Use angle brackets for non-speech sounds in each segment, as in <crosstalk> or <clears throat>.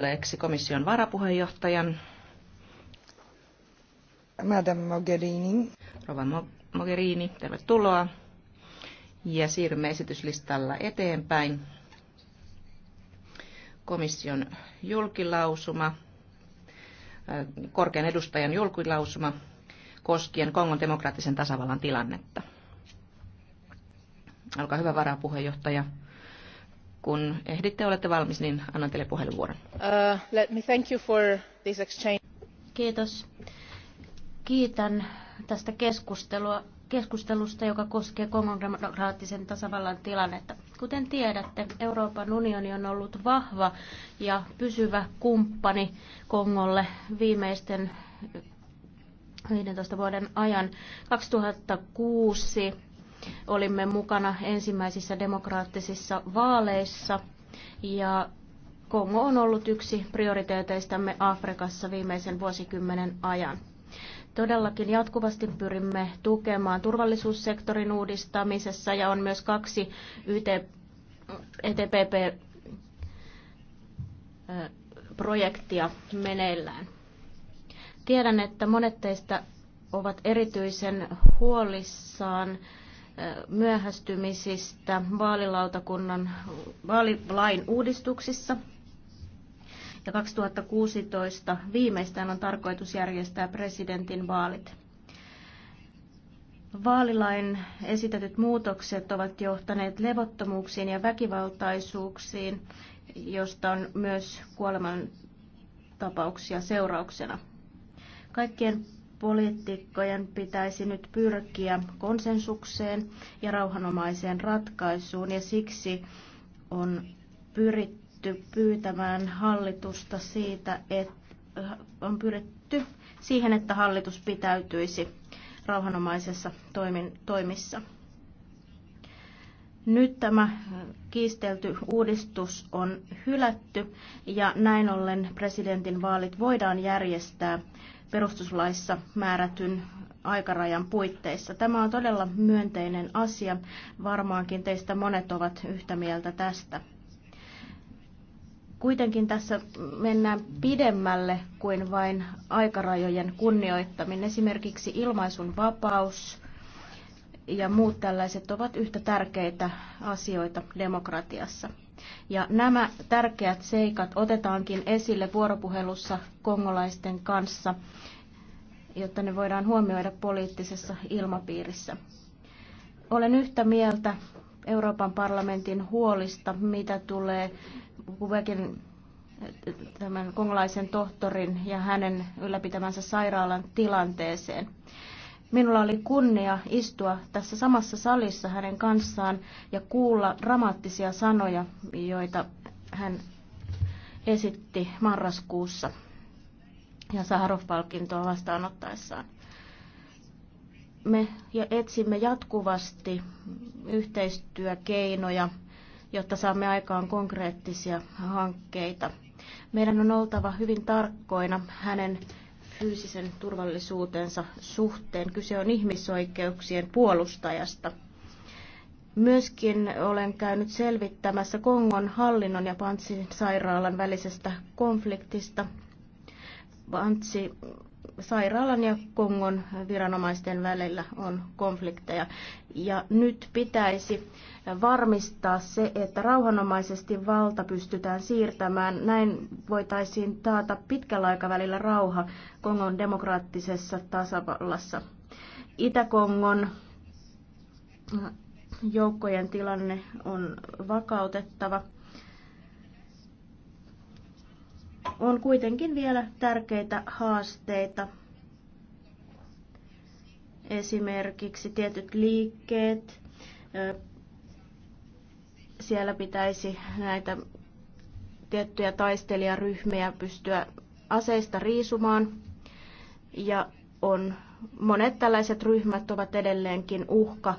Leeksi komission varapuheenjohtajan. Madame Mogherini. Rova Mogherini, tervetuloa. Ja siirrymme esityslistalla eteenpäin. Komission julkilausuma, äh, korkean edustajan julkilausuma koskien Kongon demokraattisen tasavallan tilannetta. Olkaa hyvä varapuheenjohtaja kun ehditte olette valmis, niin annan teille puheenvuoron. Uh, Kiitos. Kiitän tästä keskustelua, keskustelusta, joka koskee Kongon demokraattisen tasavallan tilannetta. Kuten tiedätte, Euroopan unioni on ollut vahva ja pysyvä kumppani Kongolle viimeisten 15 vuoden ajan. 2006 Olimme mukana ensimmäisissä demokraattisissa vaaleissa ja Kongo on ollut yksi prioriteeteistamme Afrikassa viimeisen vuosikymmenen ajan. Todellakin jatkuvasti pyrimme tukemaan turvallisuussektorin uudistamisessa ja on myös kaksi YT, ETPP e projektia meneillään. Tiedän, että monet teistä ovat erityisen huolissaan myöhästymisistä vaalilautakunnan vaalilain uudistuksissa. Ja 2016 viimeistään on tarkoitus järjestää presidentin vaalit. Vaalilain esitetyt muutokset ovat johtaneet levottomuuksiin ja väkivaltaisuuksiin, josta on myös kuoleman tapauksia seurauksena. Kaikkien poliittikkojen pitäisi nyt pyrkiä konsensukseen ja rauhanomaiseen ratkaisuun ja siksi on pyritty pyytämään hallitusta siitä, että on pyritty siihen, että hallitus pitäytyisi rauhanomaisessa toimin, toimissa. Nyt tämä kiistelty uudistus on hylätty ja näin ollen presidentin vaalit voidaan järjestää perustuslaissa määrätyn aikarajan puitteissa. Tämä on todella myönteinen asia. Varmaankin teistä monet ovat yhtä mieltä tästä. Kuitenkin tässä mennään pidemmälle kuin vain aikarajojen kunnioittaminen. Esimerkiksi ilmaisun vapaus ja muut tällaiset ovat yhtä tärkeitä asioita demokratiassa. Ja nämä tärkeät seikat otetaankin esille vuoropuhelussa kongolaisten kanssa, jotta ne voidaan huomioida poliittisessa ilmapiirissä. Olen yhtä mieltä Euroopan parlamentin huolista, mitä tulee Kuvekin tämän kongolaisen tohtorin ja hänen ylläpitämänsä sairaalan tilanteeseen. Minulla oli kunnia istua tässä samassa salissa hänen kanssaan ja kuulla dramaattisia sanoja, joita hän esitti marraskuussa ja Saharov-palkintoa vastaanottaessaan. Me etsimme jatkuvasti yhteistyökeinoja, jotta saamme aikaan konkreettisia hankkeita. Meidän on oltava hyvin tarkkoina hänen fyysisen turvallisuutensa suhteen. Kyse on ihmisoikeuksien puolustajasta. Myöskin olen käynyt selvittämässä Kongon hallinnon ja Pantsin sairaalan välisestä konfliktista Bantsi sairaalan ja Kongon viranomaisten välillä on konflikteja. Ja nyt pitäisi varmistaa se, että rauhanomaisesti valta pystytään siirtämään. Näin voitaisiin taata pitkällä aikavälillä rauha Kongon demokraattisessa tasavallassa. Itä-Kongon joukkojen tilanne on vakautettava on kuitenkin vielä tärkeitä haasteita. Esimerkiksi tietyt liikkeet. Siellä pitäisi näitä tiettyjä taistelijaryhmiä pystyä aseista riisumaan. Ja on, monet tällaiset ryhmät ovat edelleenkin uhka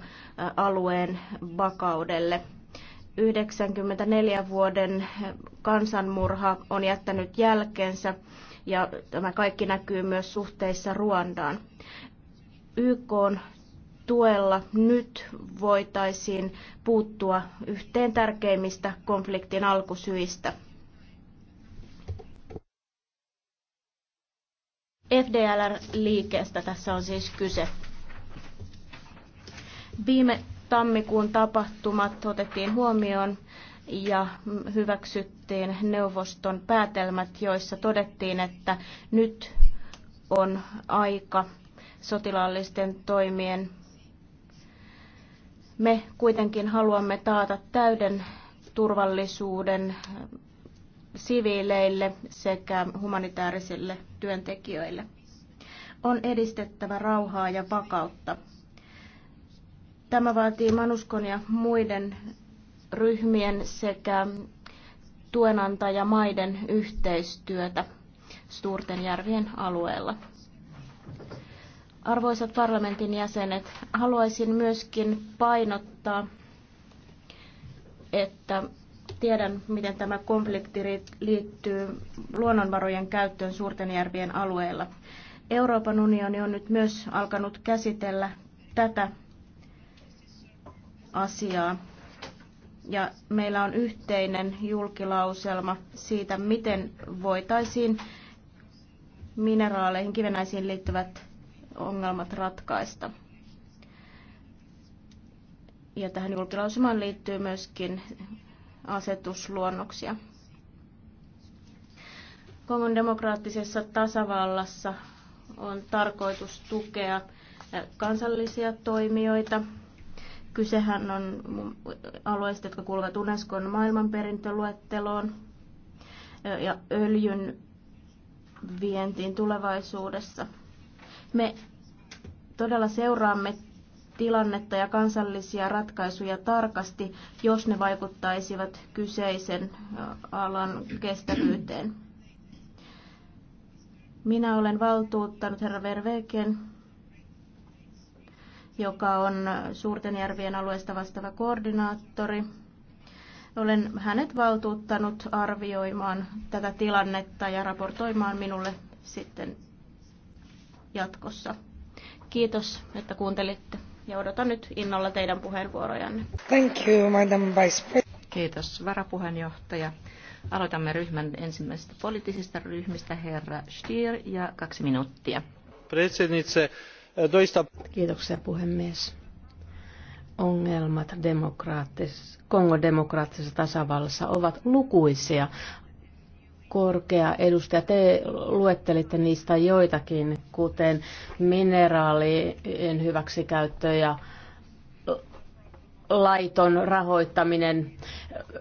alueen vakaudelle. 94 vuoden kansanmurha on jättänyt jälkensä ja tämä kaikki näkyy myös suhteissa Ruandaan. YK on tuella nyt voitaisiin puuttua yhteen tärkeimmistä konfliktin alkusyistä. FDLR-liikeestä tässä on siis kyse. Viime Tammikuun tapahtumat otettiin huomioon ja hyväksyttiin neuvoston päätelmät, joissa todettiin, että nyt on aika sotilaallisten toimien. Me kuitenkin haluamme taata täyden turvallisuuden siviileille sekä humanitaarisille työntekijöille. On edistettävä rauhaa ja vakautta. Tämä vaatii Manuskon ja muiden ryhmien sekä tuenantajamaiden yhteistyötä suurten järvien alueella. Arvoisat parlamentin jäsenet, haluaisin myöskin painottaa, että tiedän, miten tämä konflikti liittyy luonnonvarojen käyttöön suurten järvien alueella. Euroopan unioni on nyt myös alkanut käsitellä tätä asiaa. Ja meillä on yhteinen julkilauselma siitä, miten voitaisiin mineraaleihin, kivenäisiin liittyvät ongelmat ratkaista. Ja tähän julkilausumaan liittyy myöskin asetusluonnoksia. Kongon demokraattisessa tasavallassa on tarkoitus tukea kansallisia toimijoita Kysehän on alueista, jotka kuuluvat Unescon maailmanperintöluetteloon ja öljyn vientiin tulevaisuudessa. Me todella seuraamme tilannetta ja kansallisia ratkaisuja tarkasti, jos ne vaikuttaisivat kyseisen alan kestävyyteen. Minä olen valtuuttanut herra Verveken joka on suurten järvien alueesta vastaava koordinaattori. Olen hänet valtuuttanut arvioimaan tätä tilannetta ja raportoimaan minulle sitten jatkossa. Kiitos, että kuuntelitte ja odotan nyt innolla teidän puheenvuorojanne. Thank you, Madam Vice Kiitos, varapuheenjohtaja. Aloitamme ryhmän ensimmäisestä poliittisista ryhmistä, herra Stier, ja kaksi minuuttia doista... Kiitoksia puhemies. Ongelmat demokraattis, Kongon demokraattisessa tasavallassa ovat lukuisia. Korkea edustaja, te luettelitte niistä joitakin, kuten mineraalien hyväksikäyttö ja laiton rahoittaminen,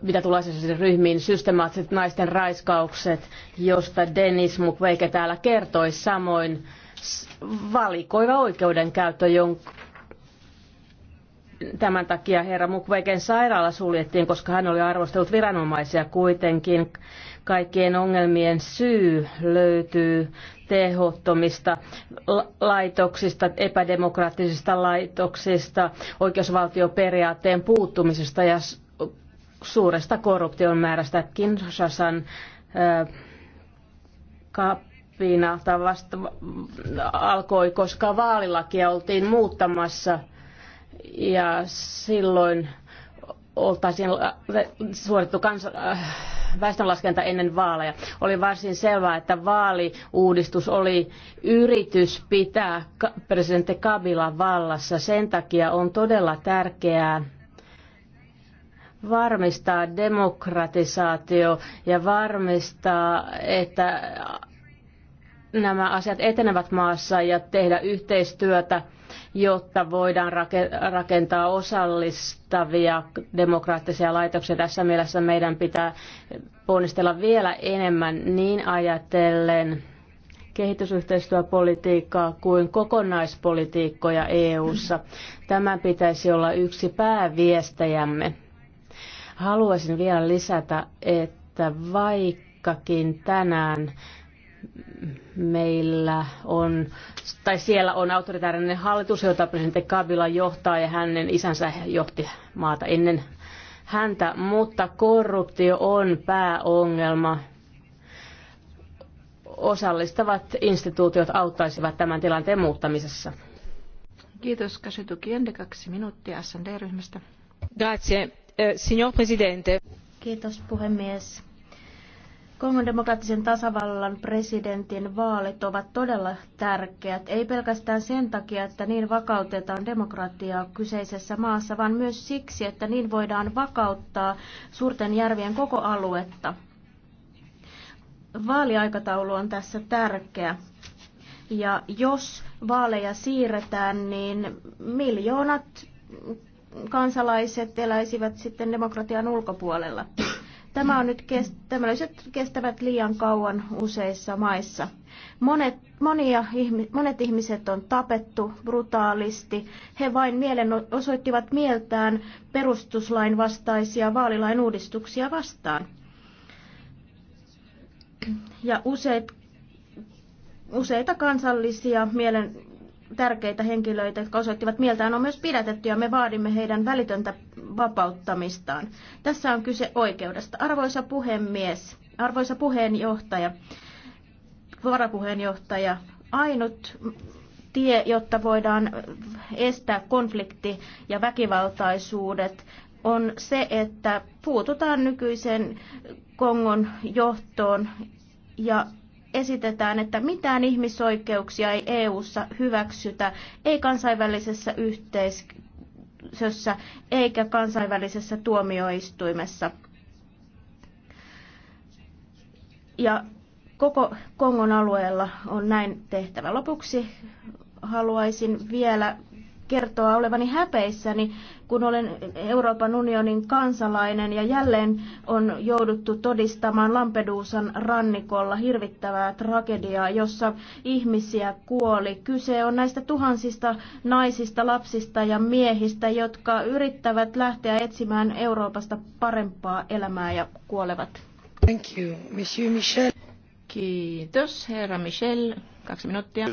mitä tulee siis, siis ryhmiin, systemaattiset naisten raiskaukset, josta Denis Mukwege täällä kertoi samoin valikoiva oikeudenkäyttö, jonka tämän takia herra Mukwegen sairaala suljettiin, koska hän oli arvostellut viranomaisia kuitenkin. Kaikkien ongelmien syy löytyy tehottomista laitoksista, epädemokraattisista laitoksista, oikeusvaltioperiaatteen puuttumisesta ja suuresta korruption määrästä. Kinshasan äh, viinalta vasta alkoi, koska vaalilakia oltiin muuttamassa ja silloin oltaisiin suorittu kansa, äh, väestönlaskenta ennen vaaleja. Oli varsin selvää, että vaaliuudistus oli yritys pitää presidentti Kabila vallassa. Sen takia on todella tärkeää varmistaa demokratisaatio ja varmistaa, että nämä asiat etenevät maassa ja tehdä yhteistyötä, jotta voidaan rakentaa osallistavia demokraattisia laitoksia. Tässä mielessä meidän pitää ponnistella vielä enemmän niin ajatellen kehitysyhteistyöpolitiikkaa kuin kokonaispolitiikkoja EU:ssa. Tämän pitäisi olla yksi pääviestejämme. Haluaisin vielä lisätä, että vaikkakin tänään meillä on, tai siellä on autoritaarinen hallitus, jota presidentti Kabila johtaa ja hänen isänsä johti maata ennen häntä, mutta korruptio on pääongelma. Osallistavat instituutiot auttaisivat tämän tilanteen muuttamisessa. Kiitos Kasutu Ende, kaksi minuuttia SND-ryhmästä. Grazie, eh, signor Presidente. Kiitos puhemies Kongon demokraattisen tasavallan presidentin vaalit ovat todella tärkeät, ei pelkästään sen takia, että niin vakautetaan demokratiaa kyseisessä maassa, vaan myös siksi, että niin voidaan vakauttaa suurten järvien koko aluetta. Vaaliaikataulu on tässä tärkeä. Ja jos vaaleja siirretään, niin miljoonat kansalaiset eläisivät sitten demokratian ulkopuolella. Tämä on nyt kest, tämmöiset kestävät liian kauan useissa maissa. Monet, monia, monet ihmiset on tapettu brutaalisti. He vain mielen osoittivat mieltään perustuslain vastaisia vaalilain uudistuksia vastaan. Ja useita kansallisia mielen tärkeitä henkilöitä, jotka osoittivat mieltään, on myös pidätetty ja me vaadimme heidän välitöntä vapauttamistaan. Tässä on kyse oikeudesta. Arvoisa puhemies, arvoisa puheenjohtaja, varapuheenjohtaja, ainut tie, jotta voidaan estää konflikti ja väkivaltaisuudet, on se, että puututaan nykyisen Kongon johtoon ja esitetään, että mitään ihmisoikeuksia ei EU:ssa hyväksytä, ei kansainvälisessä yhteisössä eikä kansainvälisessä tuomioistuimessa. Ja koko Kongon alueella on näin tehtävä. Lopuksi haluaisin vielä kertoa olevani häpeissäni, kun olen Euroopan unionin kansalainen ja jälleen on jouduttu todistamaan Lampedusan rannikolla hirvittävää tragediaa, jossa ihmisiä kuoli. Kyse on näistä tuhansista naisista, lapsista ja miehistä, jotka yrittävät lähteä etsimään Euroopasta parempaa elämää ja kuolevat. Thank you, Monsieur Michel. Kiitos, herra Michel. Kaksi minuuttia.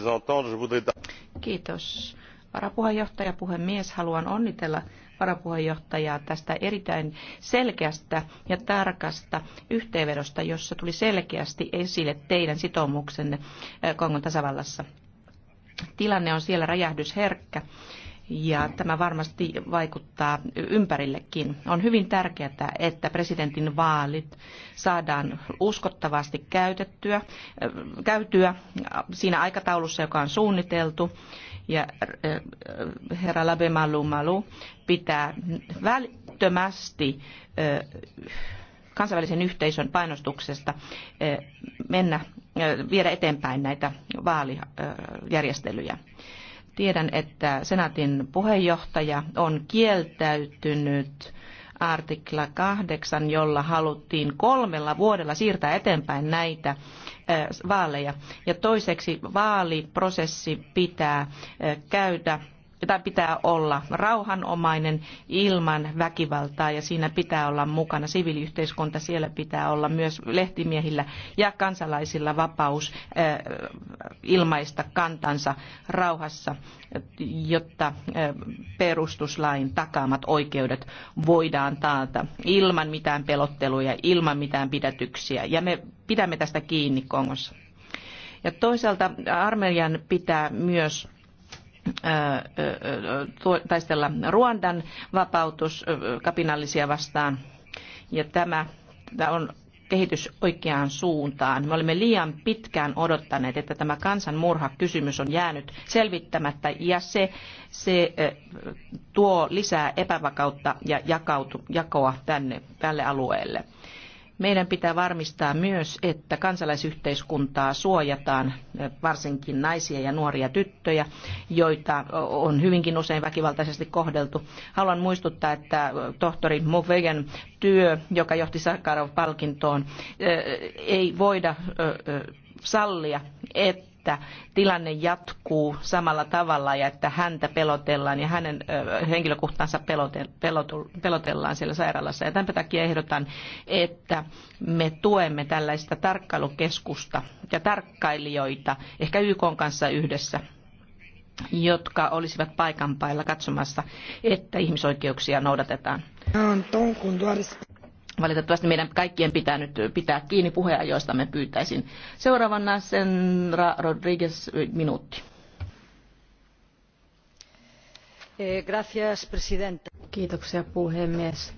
Kiitos Varapuheenjohtaja, puhemies, haluan onnitella varapuheenjohtajaa tästä erittäin selkeästä ja tarkasta yhteenvedosta, jossa tuli selkeästi esille teidän sitoumuksenne eh, Kongon tasavallassa. Tilanne on siellä räjähdysherkkä ja tämä varmasti vaikuttaa ympärillekin. On hyvin tärkeää, että presidentin vaalit saadaan uskottavasti käytettyä, käytyä siinä aikataulussa, joka on suunniteltu. Ja äh, herra Labemalu Malu pitää välittömästi äh, kansainvälisen yhteisön painostuksesta äh, mennä, viedä eteenpäin näitä vaalijärjestelyjä. Tiedän, että senaatin puheenjohtaja on kieltäytynyt artikla 8, jolla haluttiin kolmella vuodella siirtää eteenpäin näitä vaaleja. Ja toiseksi vaaliprosessi pitää käydä jota pitää olla rauhanomainen ilman väkivaltaa ja siinä pitää olla mukana siviiliyhteiskunta, siellä pitää olla myös lehtimiehillä ja kansalaisilla vapaus eh, ilmaista kantansa rauhassa, jotta eh, perustuslain takaamat oikeudet voidaan taata ilman mitään pelotteluja, ilman mitään pidätyksiä ja me pidämme tästä kiinni Kongossa. Ja toisaalta Armenian pitää myös taistella Ruandan vapautuskapinallisia vastaan. Ja tämä, tämä on kehitys oikeaan suuntaan. Me olemme liian pitkään odottaneet, että tämä kansanmurhakysymys on jäänyt selvittämättä ja se, se tuo lisää epävakautta ja jakautu, jakoa tänne, tälle alueelle. Meidän pitää varmistaa myös, että kansalaisyhteiskuntaa suojataan, varsinkin naisia ja nuoria tyttöjä, joita on hyvinkin usein väkivaltaisesti kohdeltu. Haluan muistuttaa, että tohtori Mukwegen työ, joka johti Sakharov-palkintoon, eh, ei voida eh, eh, sallia, että että tilanne jatkuu samalla tavalla ja että häntä pelotellaan ja hänen henkilökuntaansa pelotellaan siellä sairaalassa. Ja tämän takia ehdotan, että me tuemme tällaista tarkkailukeskusta ja tarkkailijoita, ehkä YK kanssa yhdessä jotka olisivat paikan päällä katsomassa, että ihmisoikeuksia noudatetaan. Valitettavasti meidän kaikkien pitää nyt pitää kiinni puheajoistamme pyytäisin. Seuraavana Senra Rodriguez minuutti. Eh, Kiitoksia puhemies.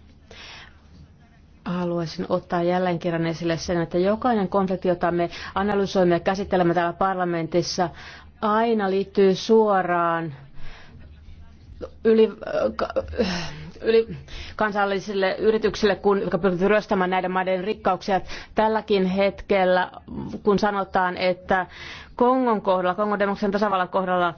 Haluaisin ottaa jälleen kerran esille sen, että jokainen konflikti, jota me analysoimme ja käsittelemme täällä parlamentissa, aina liittyy suoraan yli yli kansallisille yrityksille, kun, jotka pyrkivät ryöstämään näiden maiden rikkauksia. Tälläkin hetkellä, kun sanotaan, että Kongon kohdalla, Kongon demokratian tasavallan kohdalla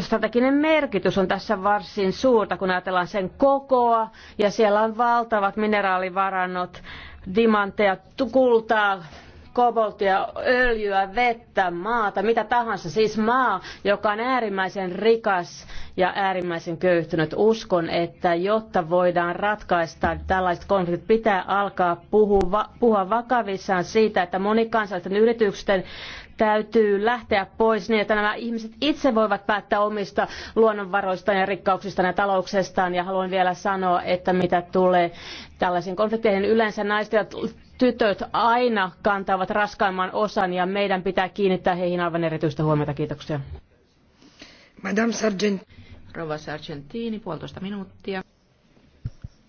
strateginen merkitys on tässä varsin suurta, kun ajatellaan sen kokoa, ja siellä on valtavat mineraalivarannot, dimantteja, kultaa, koboltia, öljyä, vettä, maata, mitä tahansa. Siis maa, joka on äärimmäisen rikas ja äärimmäisen köyhtynyt. Uskon, että jotta voidaan ratkaista tällaiset konfliktit, pitää alkaa puhua, puhua vakavissaan siitä, että monikansallisten yritysten täytyy lähteä pois niin, että nämä ihmiset itse voivat päättää omista luonnonvaroistaan ja rikkauksistaan ja talouksestaan. Ja haluan vielä sanoa, että mitä tulee tällaisiin konflikteihin, yleensä naiset tytöt aina kantavat raskaimman osan ja meidän pitää kiinnittää heihin aivan erityistä huomiota. Kiitoksia. Madame Sargent. Rova Sargentini, puolitoista minuuttia.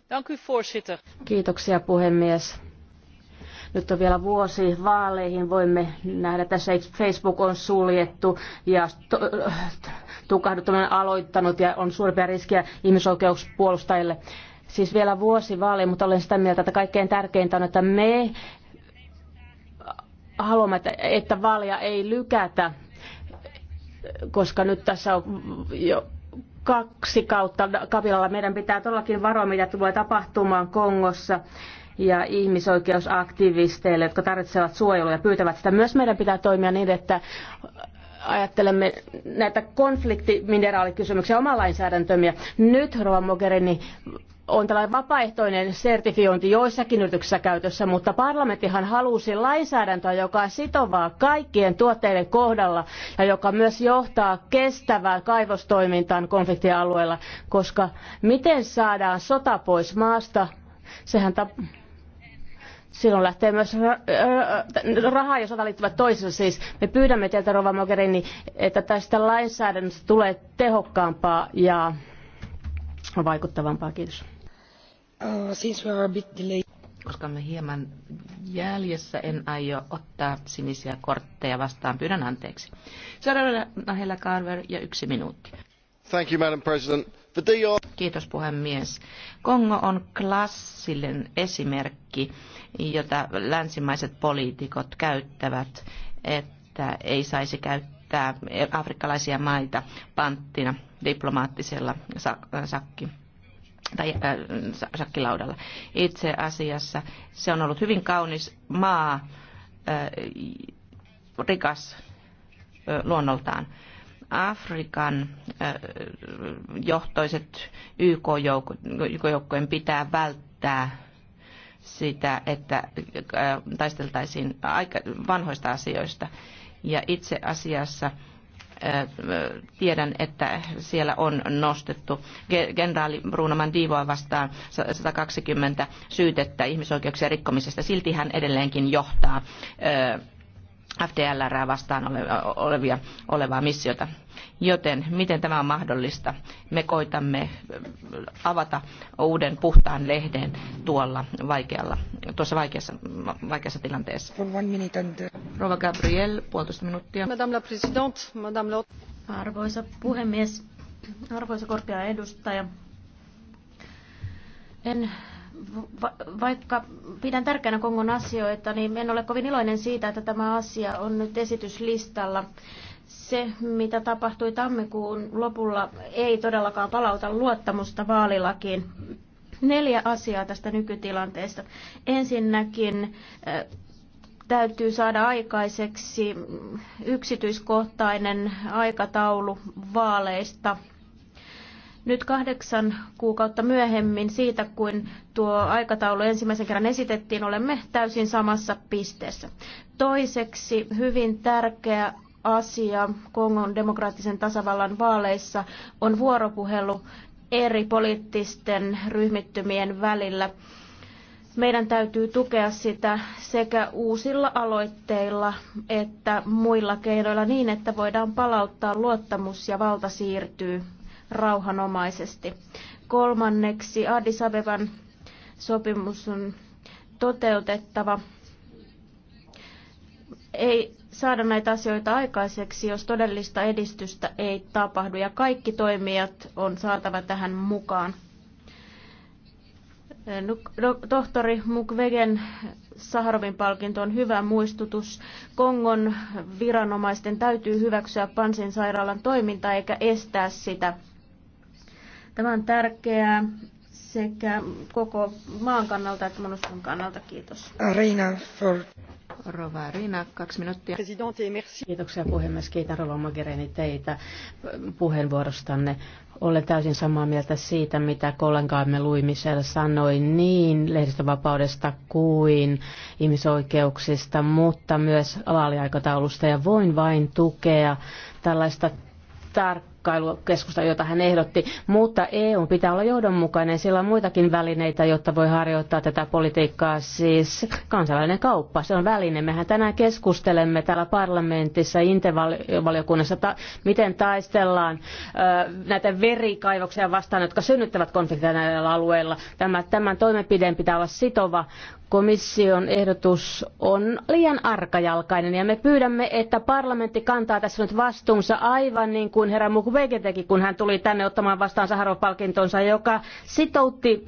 Dank u, voorzitter. Kiitoksia puhemies. Nyt on vielä vuosi vaaleihin, voimme nähdä tässä Facebook on suljettu ja äh, tukahduttaminen aloittanut ja on suurempia riskejä ihmisoikeuspuolustajille siis vielä vuosi vaali, mutta olen sitä mieltä, että kaikkein tärkeintä on, että me haluamme, että vaalia ei lykätä, koska nyt tässä on jo kaksi kautta kapilalla. Meidän pitää todellakin varoa, mitä tulee tapahtumaan Kongossa ja ihmisoikeusaktivisteille, jotka tarvitsevat suojelua ja pyytävät sitä. Myös meidän pitää toimia niin, että ajattelemme näitä konfliktimineraalikysymyksiä oman lainsäädäntömme. Nyt, Rova Mogherini, on tällainen vapaaehtoinen sertifiointi joissakin yrityksissä käytössä, mutta parlamenttihan halusi lainsäädäntöä, joka on sitovaa kaikkien tuotteiden kohdalla ja joka myös johtaa kestävään kaivostoimintaan konfliktialueella, koska miten saadaan sota pois maasta, sehän ta- silloin lähtee myös rahaa ja sota liittyvät toisensa siis. Me pyydämme teiltä Rova Mogherini, että tästä lainsäädännöstä tulee tehokkaampaa ja vaikuttavampaa. Kiitos. Uh, Koska me hieman jäljessä, en aio ottaa sinisiä kortteja vastaan. Pyydän anteeksi. Seuraavana Nahela Carver ja yksi minuutti. Thank you, Madam President. The DR... Kiitos puhemies. Kongo on klassinen esimerkki, jota länsimaiset poliitikot käyttävät, että ei saisi käyttää afrikkalaisia maita panttina diplomaattisella sakki tai äh, sakkilaudalla. Itse asiassa se on ollut hyvin kaunis maa, äh, rikas äh, luonnoltaan. Afrikan äh, johtoiset YK-joukkojen pitää välttää sitä, että äh, taisteltaisiin aika, vanhoista asioista. Ja itse asiassa äh, tiedän, että siellä on nostettu generaali Bruno Mandivoa vastaan 120 syytettä ihmisoikeuksien rikkomisesta. Silti hän edelleenkin johtaa FDLR vastaan olevia, olevaa missiota. Joten miten tämä on mahdollista? Me koitamme avata uuden puhtaan lehden tuolla vaikealla, tuossa vaikeassa, vaikeassa tilanteessa. Rova Gabriel, puolitoista minuuttia. Madame la Présidente, Madame la... Arvoisa puhemies, arvoisa korkea edustaja. En vaikka pidän tärkeänä Kongon asioita, niin en ole kovin iloinen siitä, että tämä asia on nyt esityslistalla. Se, mitä tapahtui tammikuun lopulla, ei todellakaan palauta luottamusta vaalilakiin. Neljä asiaa tästä nykytilanteesta. Ensinnäkin täytyy saada aikaiseksi yksityiskohtainen aikataulu vaaleista nyt kahdeksan kuukautta myöhemmin siitä, kun tuo aikataulu ensimmäisen kerran esitettiin, olemme täysin samassa pisteessä. Toiseksi hyvin tärkeä asia Kongon demokraattisen tasavallan vaaleissa on vuoropuhelu eri poliittisten ryhmittymien välillä. Meidän täytyy tukea sitä sekä uusilla aloitteilla että muilla keinoilla niin, että voidaan palauttaa luottamus ja valta siirtyy rauhanomaisesti. Kolmanneksi Addis Abeban sopimus on toteutettava. Ei saada näitä asioita aikaiseksi, jos todellista edistystä ei tapahdu, ja kaikki toimijat on saatava tähän mukaan. No, no, tohtori Mukwegen Saharovin palkinto on hyvä muistutus. Kongon viranomaisten täytyy hyväksyä Pansin sairaalan toiminta eikä estää sitä. Tämä on tärkeää sekä koko maan kannalta että monuskan kannalta. Kiitos. Arina for... Rova Arina, kaksi minuuttia. merci. Kiitoksia puhemies. Kiitän Rova Magereni teitä puheenvuorostanne. Olen täysin samaa mieltä siitä, mitä kollegaamme Luimisel sanoi niin lehdistövapaudesta kuin ihmisoikeuksista, mutta myös vaaliaikataulusta. Ja voin vain tukea tällaista tarkkaa tarkkailukeskusta, jota hän ehdotti. Mutta EU pitää olla johdonmukainen, sillä on muitakin välineitä, jotta voi harjoittaa tätä politiikkaa, siis kansainvälinen kauppa. Se on väline. Mehän tänään keskustelemme täällä parlamentissa, intervaliokunnassa, ta- miten taistellaan ö, näitä verikaivoksia vastaan, jotka synnyttävät konflikteja näillä alueilla. Tämä, tämän toimenpideen pitää olla sitova, komission ehdotus on liian arkajalkainen ja me pyydämme, että parlamentti kantaa tässä nyt vastuunsa aivan niin kuin herra Mukwege teki, kun hän tuli tänne ottamaan vastaan Saharov-palkintonsa, joka sitoutti,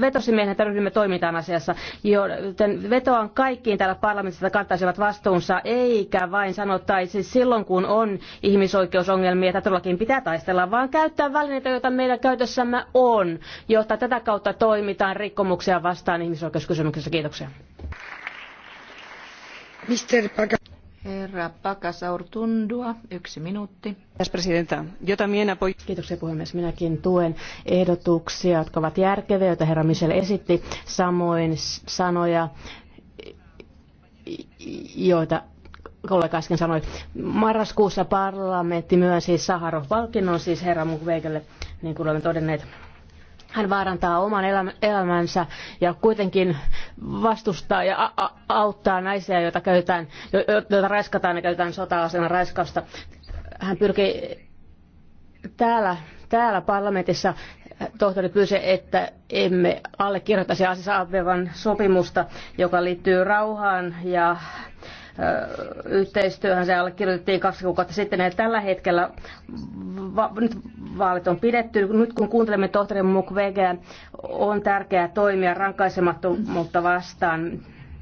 vetosimme että ryhdymme toimintaan asiassa. Joten vetoan kaikkiin täällä parlamentissa, että kantaisivat vastuunsa, eikä vain sanottaisi silloin, kun on ihmisoikeusongelmia, että todellakin pitää taistella, vaan käyttää välineitä, joita meillä käytössämme on, jotta tätä kautta toimitaan rikkomuksia vastaan ihmisoikeuskysymyksessäkin. Kiitoksia. Herra Pakasaurtundua, yksi minuutti. Kiitoksia puhemies. Minäkin tuen ehdotuksia, jotka ovat järkeviä, joita herra Michel esitti. Samoin sanoja, joita kollega äsken sanoi. Marraskuussa parlamentti myönsi Saharov-palkinnon siis herra Mukwegelle, niin kuin olemme todenneet hän vaarantaa oman elämänsä ja kuitenkin vastustaa ja auttaa naisia, joita, käytetään, joita raiskataan ja käytetään sota-asena raiskausta. Hän pyrkii täällä, täällä parlamentissa tohtori pyysi, että emme allekirjoittaisi Asis sopimusta, joka liittyy rauhaan ja yhteistyöhön. Se allekirjoitettiin kaksi kuukautta sitten ja tällä hetkellä va- nyt vaalit on pidetty. Nyt kun kuuntelemme tohtori Mukwege, on tärkeää toimia rankaisemattomuutta vastaan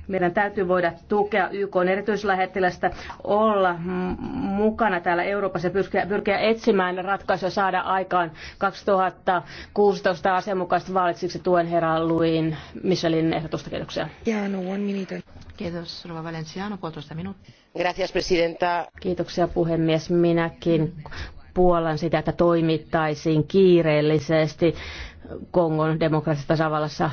meidän täytyy voida tukea YK erityislähettilästä, olla mukana täällä Euroopassa ja pyrkiä, pyrkiä etsimään ratkaisuja saada aikaan 2016 asianmukaiset vaalit. Siksi tuen herra Luin Michelin ehdotusta. Kiitoksia. one minute. Kiitos, Rova Valenciano, puolitoista minuuttia. presidenta. Kiitoksia, puhemies. Minäkin puolan sitä, että toimittaisiin kiireellisesti Kongon demokraattisessa tasavallassa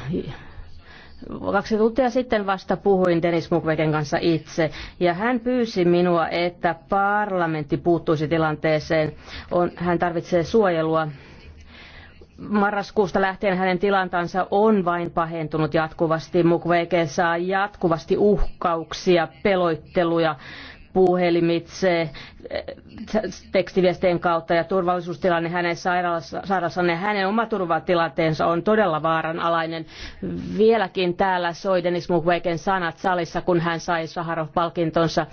Kaksi tuntia sitten vasta puhuin Dennis Mukwegen kanssa itse, ja hän pyysi minua, että parlamentti puuttuisi tilanteeseen. On, hän tarvitsee suojelua marraskuusta lähtien hänen tilantansa on vain pahentunut jatkuvasti. Mukwege saa jatkuvasti uhkauksia, peloitteluja puhelimitse tekstiviestien kautta ja turvallisuustilanne hänen sairaalassaan ja hänen oma turvatilanteensa on todella vaaranalainen. Vieläkin täällä soi Denis Mukwegen sanat salissa, kun hän sai Saharov-palkintonsa.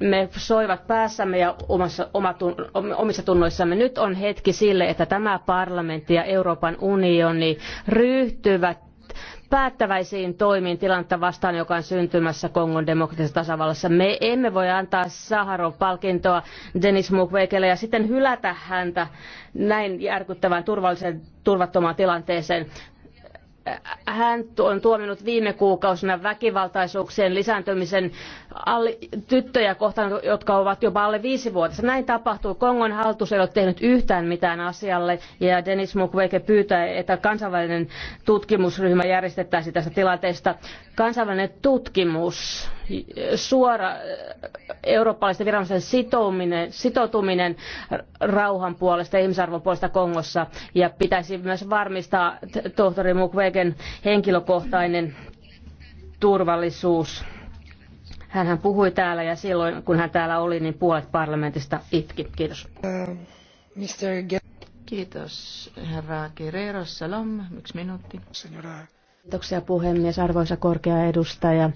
Me soivat päässämme ja omassa, omatun, omissa tunnoissamme. Nyt on hetki sille, että tämä parlamentti ja Euroopan unioni ryhtyvät päättäväisiin toimiin tilannetta vastaan, joka on syntymässä Kongon demokraattisessa tasavallassa. Me emme voi antaa Saharov-palkintoa Denis Mukwegelle ja sitten hylätä häntä näin järkyttävään turvalliseen turvattomaan tilanteeseen hän on tuominut viime kuukausina väkivaltaisuuksien lisääntymisen tyttöjä kohtaan, jotka ovat jopa alle viisi vuotta. Näin tapahtuu. Kongon hallitus ei ole tehnyt yhtään mitään asialle ja Denis Mukwege pyytää, että kansainvälinen tutkimusryhmä järjestettäisiin tästä tilanteesta. Kansainvälinen tutkimus suora eurooppalaisten viranomaisten sitoutuminen rauhan puolesta ja ihmisarvon puolesta Kongossa. Ja pitäisi myös varmistaa tohtori Mukwegen henkilökohtainen turvallisuus. Hänhän puhui täällä ja silloin, kun hän täällä oli, niin puolet parlamentista itki. Kiitos. Uh, Kiitos, herra Guerrero. Salam, yksi minuutti. Senora Kiitoksia puhemies, arvoisa korkea edustaja.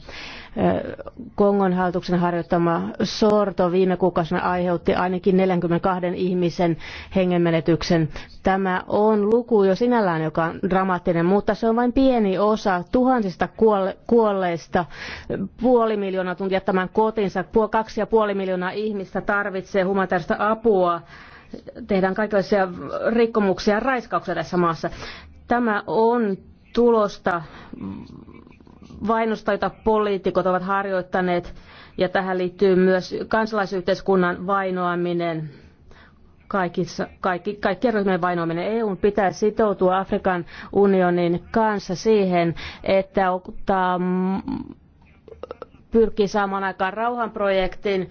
Kongon hallituksen harjoittama sorto viime kuukausina aiheutti ainakin 42 ihmisen hengenmenetyksen. Tämä on luku jo sinällään, joka on dramaattinen, mutta se on vain pieni osa tuhansista kuolle- kuolleista. Puoli miljoonaa tuntia tämän kotinsa, kaksi ja puoli miljoonaa ihmistä tarvitsee humanitaarista apua. Tehdään kaikenlaisia rikkomuksia ja raiskauksia tässä maassa. Tämä on tulosta vainosta, jota poliitikot ovat harjoittaneet, ja tähän liittyy myös kansalaisyhteiskunnan vainoaminen, kaikissa, kaikki, kaikkien ryhmien vainoaminen. EUn pitää sitoutua Afrikan unionin kanssa siihen, että ottaa, pyrkii saamaan aikaan rauhanprojektin,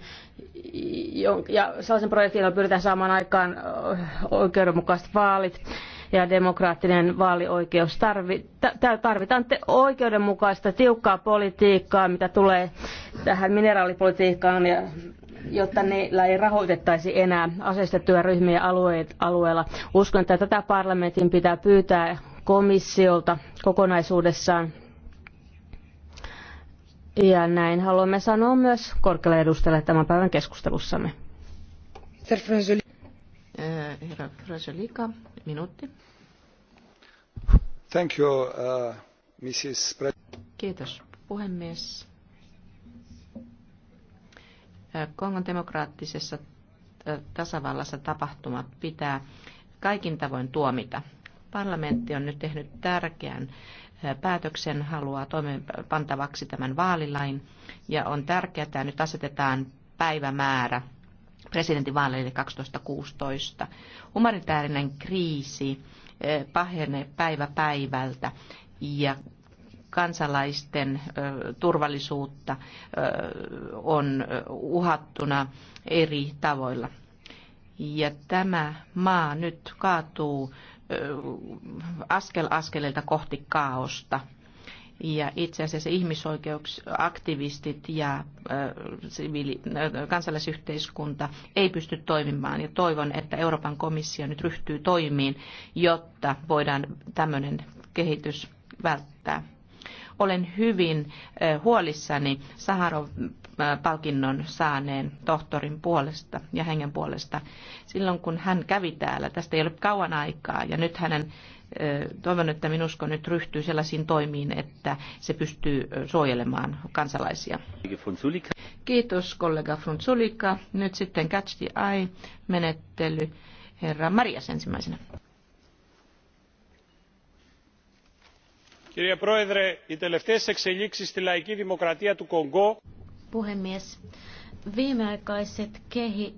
ja sellaisen projektin, jolla pyritään saamaan aikaan oikeudenmukaiset vaalit ja demokraattinen vaalioikeus. Tarvitaan oikeudenmukaista, tiukkaa politiikkaa, mitä tulee tähän mineraalipolitiikkaan ja jotta niillä ei rahoitettaisi enää aseistettuja ryhmiä alueella. Uskon, että tätä parlamentin pitää pyytää komissiolta kokonaisuudessaan. Ja näin haluamme sanoa myös korkealle edustajalle tämän päivän keskustelussamme. Eh, herra minuutti. Thank you, uh, Mrs. Pre- Kiitos, puhemies. Eh, Kongon demokraattisessa eh, tasavallassa tapahtumat pitää kaikin tavoin tuomita. Parlamentti on nyt tehnyt tärkeän päätöksen, haluaa toimeenpantavaksi tämän vaalilain ja on tärkeää, että nyt asetetaan päivämäärä presidentinvaaleille 2016. Humanitaarinen kriisi eh, pahenee päivä päivältä ja kansalaisten eh, turvallisuutta eh, on uhattuna eri tavoilla. Ja tämä maa nyt kaatuu askel askeleelta kohti kaaosta – ja itse asiassa ihmisoikeusaktivistit ja äh, siviili, äh, kansalaisyhteiskunta ei pysty toimimaan. Ja toivon, että Euroopan komissio nyt ryhtyy toimiin, jotta voidaan tämmöinen kehitys välttää. Olen hyvin äh, huolissani Saharov-palkinnon saaneen tohtorin puolesta ja hengen puolesta. Silloin kun hän kävi täällä, tästä ei ole kauan aikaa, ja nyt hänen toivon, että Minusko nyt ryhtyy sellaisiin toimiin, että se pystyy suojelemaan kansalaisia. Kiitos kollega Frunzulika. Nyt sitten Catch the Eye-menettely. Herra Marias ensimmäisenä. Kirja Proedre, οι τελευταίες laiki demokratia tu Kongo. Puhemies, viimeaikaiset kehi,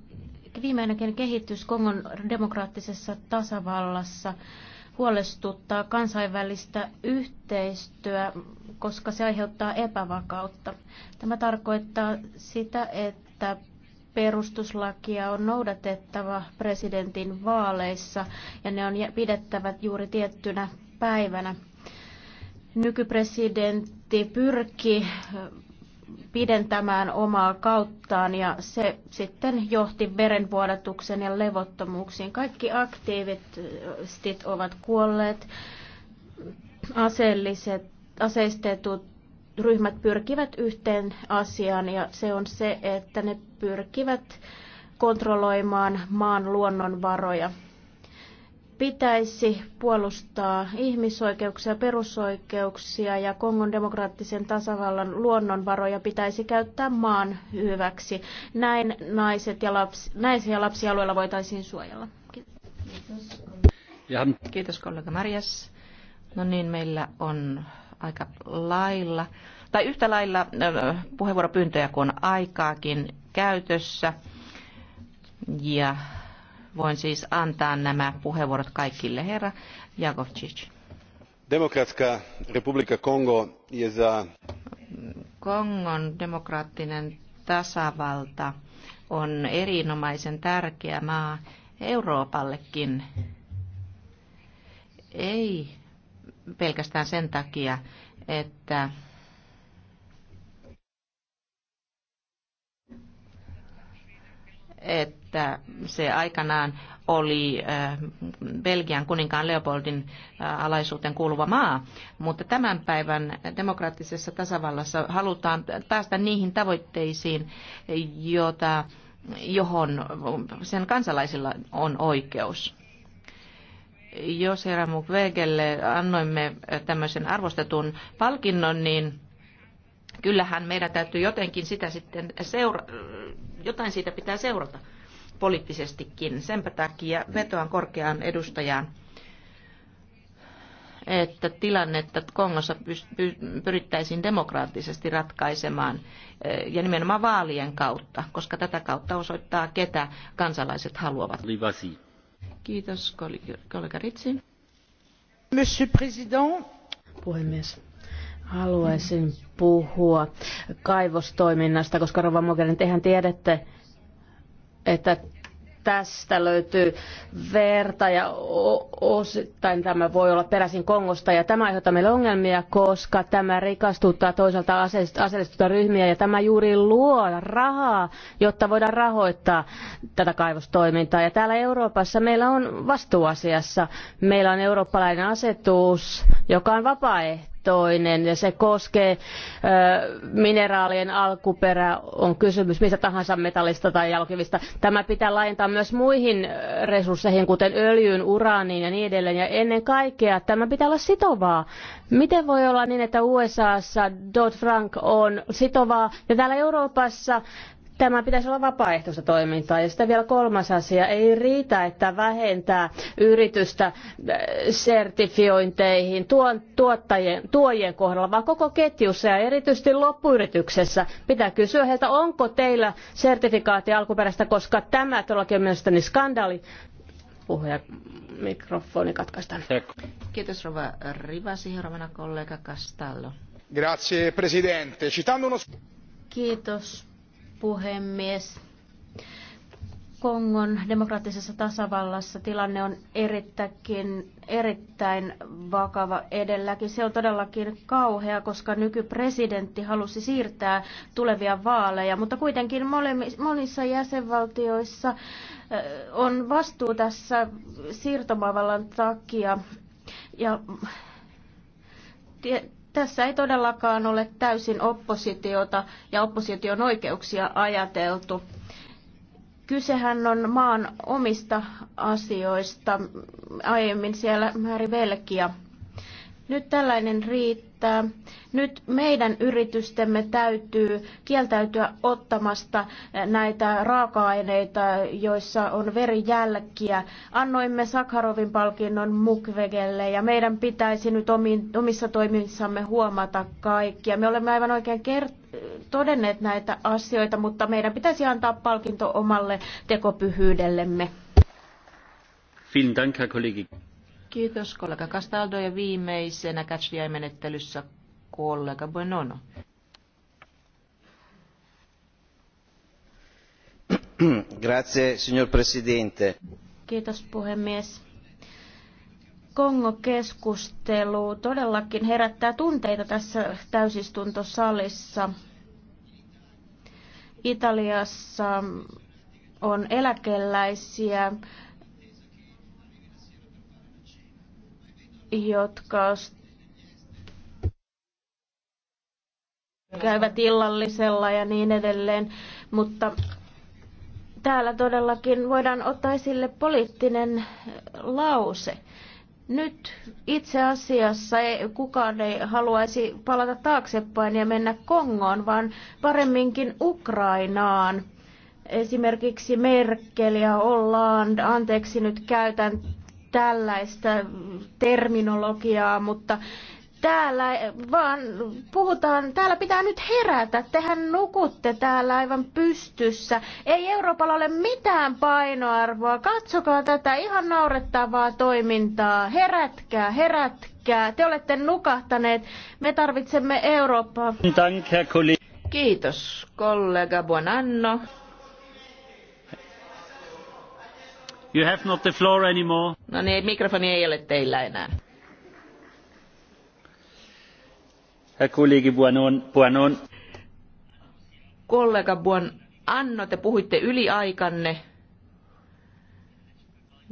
viimeinen kehitys Kongon demokraattisessa tasavallassa huolestuttaa kansainvälistä yhteistyö, koska se aiheuttaa epävakautta. Tämä tarkoittaa sitä, että perustuslakia on noudatettava presidentin vaaleissa ja ne on pidettävät juuri tiettynä päivänä. Nykypresidentti pyrki pidentämään omaa kauttaan ja se sitten johti verenvuodatuksen ja levottomuuksiin. Kaikki aktiivistit ovat kuolleet, aseelliset, aseistetut ryhmät pyrkivät yhteen asiaan ja se on se, että ne pyrkivät kontrolloimaan maan luonnonvaroja pitäisi puolustaa ihmisoikeuksia, perusoikeuksia ja Kongon demokraattisen tasavallan luonnonvaroja pitäisi käyttää maan hyväksi. Näin naiset ja lapsi, naisia ja lapsialueilla voitaisiin suojella. Kiitos. Kiitos kollega Marias. No niin, meillä on aika lailla, tai yhtä lailla äh, puheenvuoropyyntöjä kuin aikaakin käytössä. Ja Voin siis antaa nämä puheenvuorot kaikille. Herra Jakovčić. Demokratska republika Kongo je za... Kongon demokraattinen tasavalta on erinomaisen tärkeä maa Euroopallekin. Ei pelkästään sen takia, että että se aikanaan oli äh, Belgian kuninkaan Leopoldin äh, alaisuuteen kuuluva maa, mutta tämän päivän demokraattisessa tasavallassa halutaan päästä niihin tavoitteisiin, jota johon sen kansalaisilla on oikeus jos herra Mukwegelle annoimme tämmöisen arvostetun palkinnon, niin kyllähän meidän täytyy jotenkin sitä sitten seura- jotain siitä pitää seurata poliittisestikin. Senpä takia vetoan korkeaan edustajaan, että tilannetta Kongossa pyrittäisiin demokraattisesti ratkaisemaan eh, ja nimenomaan vaalien kautta, koska tätä kautta osoittaa, ketä kansalaiset haluavat. Livasi. Kiitos, kollega Ritsi. Monsieur President. Puhemies Haluaisin puhua kaivostoiminnasta, koska Rova Mogherin, tehän tiedätte, että tästä löytyy verta ja osittain tämä voi olla peräisin Kongosta ja tämä aiheuttaa meille ongelmia, koska tämä rikastuttaa toisaalta aseellistuta ryhmiä ja tämä juuri luo rahaa, jotta voidaan rahoittaa tätä kaivostoimintaa. Ja täällä Euroopassa meillä on vastuuasiassa, meillä on eurooppalainen asetus, joka on vapaaehtoinen toinen ja se koskee mineraalien alkuperää, on kysymys mistä tahansa metallista tai jalokivistä. Tämä pitää laajentaa myös muihin resursseihin, kuten öljyyn, uraaniin ja niin edelleen. Ja ennen kaikkea tämä pitää olla sitovaa. Miten voi olla niin, että USAssa Dodd-Frank on sitovaa ja täällä Euroopassa Tämä pitäisi olla vapaaehtoista toimintaa. Ja sitten vielä kolmas asia. Ei riitä, että vähentää yritystä äh, sertifiointeihin tuon, tuottajien, tuojien kohdalla, vaan koko ketjussa ja erityisesti loppuyrityksessä. Pitää kysyä heiltä, onko teillä sertifikaatti alkuperäistä, koska tämä todellakin on mielestäni skandaali. Puhuja mikrofoni katkaistaan. Kiitos Rova Rivasi, kollega Castallo. Grazie Presidente. Citando uno... Kiitos puhemies. Kongon demokraattisessa tasavallassa tilanne on erittäin, erittäin vakava edelläkin. Se on todellakin kauhea, koska nykypresidentti halusi siirtää tulevia vaaleja, mutta kuitenkin monissa jäsenvaltioissa eh, on vastuu tässä siirtomaavallan takia. Ja tässä ei todellakaan ole täysin oppositiota ja opposition oikeuksia ajateltu. Kysehän on maan omista asioista. Aiemmin siellä määri Belgia nyt tällainen riittää. Nyt meidän yritystemme täytyy kieltäytyä ottamasta eh, näitä raaka-aineita, joissa on verijälkiä. Annoimme Sakharovin palkinnon Mukwegelle ja meidän pitäisi nyt omissa toimissamme huomata kaikkia. Me olemme aivan oikein kert- todenneet näitä asioita, mutta meidän pitäisi antaa palkinto omalle tekopyhyydellemme. Vielen Dank, Herr Kollege. Kiitos kollega Castaldo ja viimeisenä catch-menettelyssä kollega Buenono. <clears throat> Grazie, signor Presidente. Kiitos puhemies. Kongo-keskustelu todellakin herättää tunteita tässä täysistuntosalissa. Italiassa on eläkeläisiä, jotka käyvät illallisella ja niin edelleen, mutta täällä todellakin voidaan ottaa esille poliittinen lause. Nyt itse asiassa ei, kukaan ei haluaisi palata taaksepäin ja mennä Kongoon, vaan paremminkin Ukrainaan. Esimerkiksi Merkel ja Hollande, anteeksi nyt käytän tällaista terminologiaa, mutta täällä vaan puhutaan, täällä pitää nyt herätä, tehän nukutte täällä aivan pystyssä. Ei Euroopalla ole mitään painoarvoa, katsokaa tätä ihan naurettavaa toimintaa, herätkää, herätkää, te olette nukahtaneet, me tarvitsemme Eurooppaa. Kiitos kollega Buonanno. You have not the floor anymore. No niin, mikrofoni ei ole teillä enää. Herr Kollege Buonon, Buonon. Kollega Buon Anno, te puhuitte yliaikanne.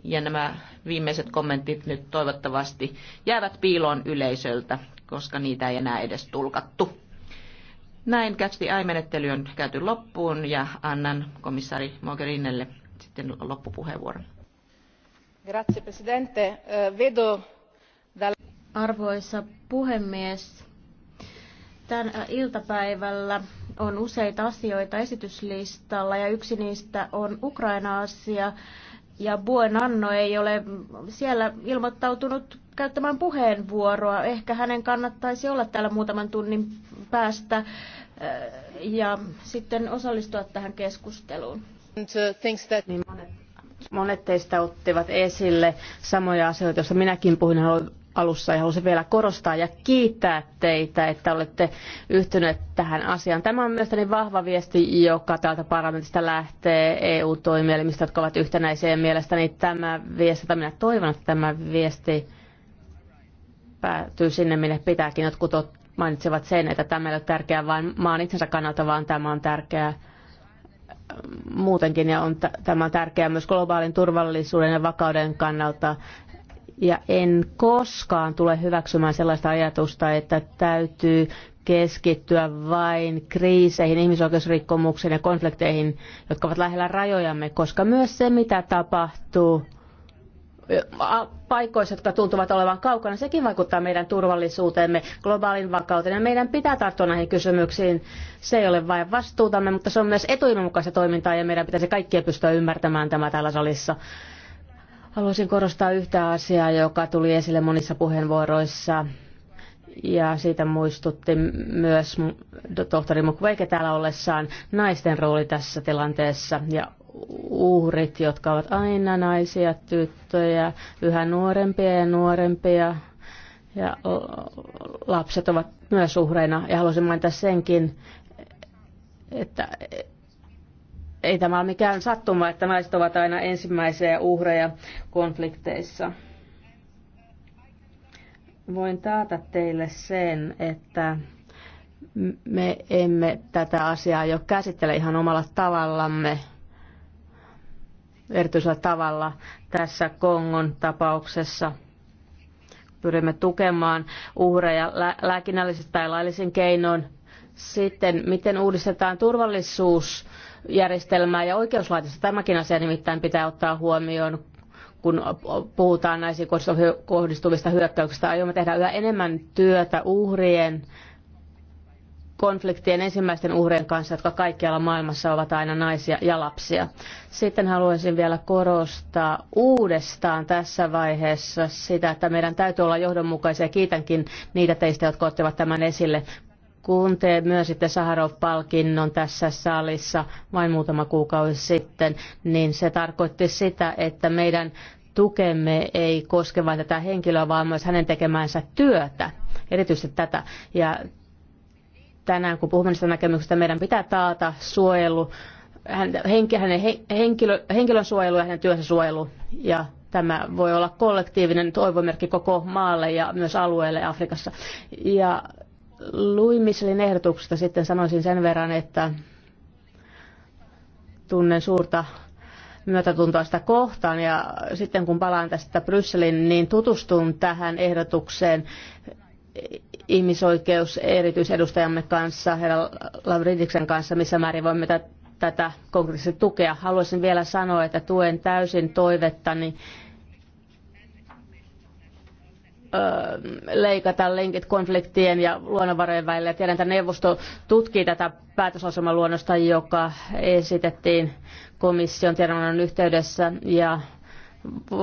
Ja nämä viimeiset kommentit nyt toivottavasti jäävät piiloon yleisöltä, koska niitä ei enää edes tulkattu. Näin Catch the on käyty loppuun ja annan komissaari Mogherinelle sitten loppupuheenvuoron. Grazie, presidente. Eh, vedo Arvoisa puhemies, tämän iltapäivällä on useita asioita esityslistalla ja yksi niistä on Ukraina-asia. Ja Buen Anno ei ole siellä ilmoittautunut käyttämään puheenvuoroa. Ehkä hänen kannattaisi olla täällä muutaman tunnin päästä eh, ja sitten osallistua tähän keskusteluun. Uh, niin monet, teistä ottivat esille samoja asioita, joista minäkin puhuin alussa ja haluaisin vielä korostaa ja kiittää teitä, että olette yhtyneet tähän asiaan. Tämä on mielestäni vahva viesti, joka täältä parlamentista lähtee EU-toimielimistä, jotka ovat yhtenäisiä ja mielestäni tämä viesti, tai minä toivon, että tämä viesti päätyy sinne, minne pitääkin. Jotkut mainitsevat sen, että tämä ei ole tärkeää vain maan itsensä kannalta, vaan tämä on tärkeää muutenkin ja on tämä on tärkeää myös globaalin turvallisuuden ja vakauden kannalta. Ja en koskaan tule hyväksymään sellaista ajatusta, että täytyy keskittyä vain kriiseihin, ihmisoikeusrikkomuksiin ja konflikteihin, jotka ovat lähellä rajojamme, koska myös se, mitä tapahtuu paikoissa, jotka tuntuvat olevan kaukana, sekin vaikuttaa meidän turvallisuuteemme, globaalin vakauteen. meidän pitää tarttua näihin kysymyksiin. Se ei ole vain vastuutamme, mutta se on myös etuimme mukaista toimintaa ja meidän pitäisi kaikkien pystyä ymmärtämään tämä täällä salissa. Haluaisin korostaa yhtä asiaa, joka tuli esille monissa puheenvuoroissa ja siitä muistutti myös tohtori Mukwege täällä ollessaan naisten rooli tässä tilanteessa ja uhrit, jotka ovat aina naisia, tyttöjä, yhä nuorempia ja nuorempia. Ja lapset ovat myös uhreina. Ja haluaisin mainita senkin, että ei tämä ole mikään sattuma, että naiset ovat aina ensimmäisiä uhreja konflikteissa. Voin taata teille sen, että me emme tätä asiaa jo käsittele ihan omalla tavallamme, erityisellä tavalla tässä Kongon tapauksessa. Pyrimme tukemaan uhreja lääkinnällisesti tai laillisin keinoin. Sitten, miten uudistetaan turvallisuusjärjestelmää ja oikeuslaitosta. Tämäkin asia nimittäin pitää ottaa huomioon, kun puhutaan naisiin kohdistuvista hyökkäyksistä. Aiomme tehdä yhä enemmän työtä uhrien konfliktien ensimmäisten uhrien kanssa, jotka kaikkialla maailmassa ovat aina naisia ja lapsia. Sitten haluaisin vielä korostaa uudestaan tässä vaiheessa sitä, että meidän täytyy olla johdonmukaisia. Kiitänkin niitä teistä, jotka ottivat tämän esille. Kun te myönsitte Saharov-palkinnon tässä salissa vain muutama kuukausi sitten, niin se tarkoitti sitä, että meidän tukemme ei koske vain tätä henkilöä, vaan myös hänen tekemänsä työtä, erityisesti tätä. Ja tänään, kun puhumme näistä näkemyksistä, meidän pitää taata suojelu, hänen henkilö, henkilön suojelu ja hänen työnsä suojelu. Ja tämä voi olla kollektiivinen toivomerkki koko maalle ja myös alueelle Afrikassa. Ja Luimiselin ehdotuksesta sitten sanoisin sen verran, että tunnen suurta myötätuntoa sitä kohtaan ja sitten kun palaan tästä Brysselin, niin tutustun tähän ehdotukseen ihmisoikeus erityisedustajamme kanssa, herra Lavridiksen kanssa, missä määrin voimme tätä konkreettisesti tukea. Haluaisin vielä sanoa, että tuen täysin toivettani leikata linkit konfliktien ja luonnonvarojen välillä. Tiedän, että neuvosto tutkii tätä päätösasemaluonnosta, luonnosta, joka esitettiin komission tiedonannon yhteydessä ja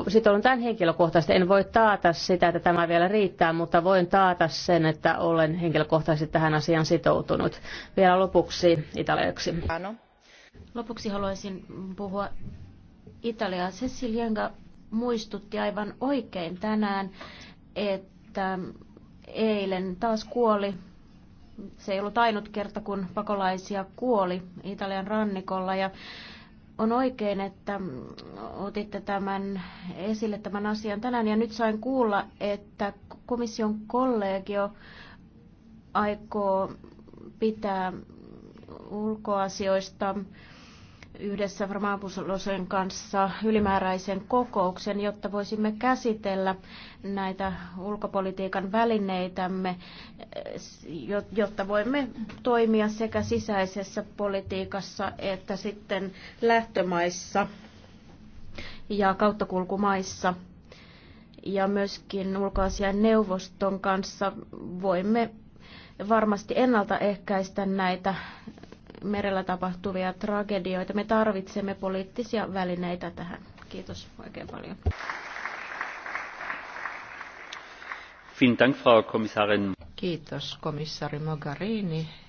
sitten on tämän henkilökohtaisesti. En voi taata sitä, että tämä vielä riittää, mutta voin taata sen, että olen henkilökohtaisesti tähän asiaan sitoutunut. Vielä lopuksi italiaksi. Lopuksi haluaisin puhua Italiaa. Cecilienga muistutti aivan oikein tänään, että eilen taas kuoli. Se ei ollut ainut kerta, kun pakolaisia kuoli Italian rannikolla. Ja on oikein, että otitte tämän esille tämän asian tänään ja nyt sain kuulla, että komission kollegio aikoo pitää ulkoasioista yhdessä Varmaapulosen kanssa ylimääräisen kokouksen, jotta voisimme käsitellä näitä ulkopolitiikan välineitämme, jotta voimme toimia sekä sisäisessä politiikassa että sitten lähtömaissa ja kauttakulkumaissa. Ja myöskin ulkoasian neuvoston kanssa voimme varmasti ennaltaehkäistä näitä merellä tapahtuvia tragedioita. Me tarvitsemme poliittisia välineitä tähän. Kiitos oikein paljon. Vielen Dank, Frau Kommissarin. Kiitos komissari Mogherini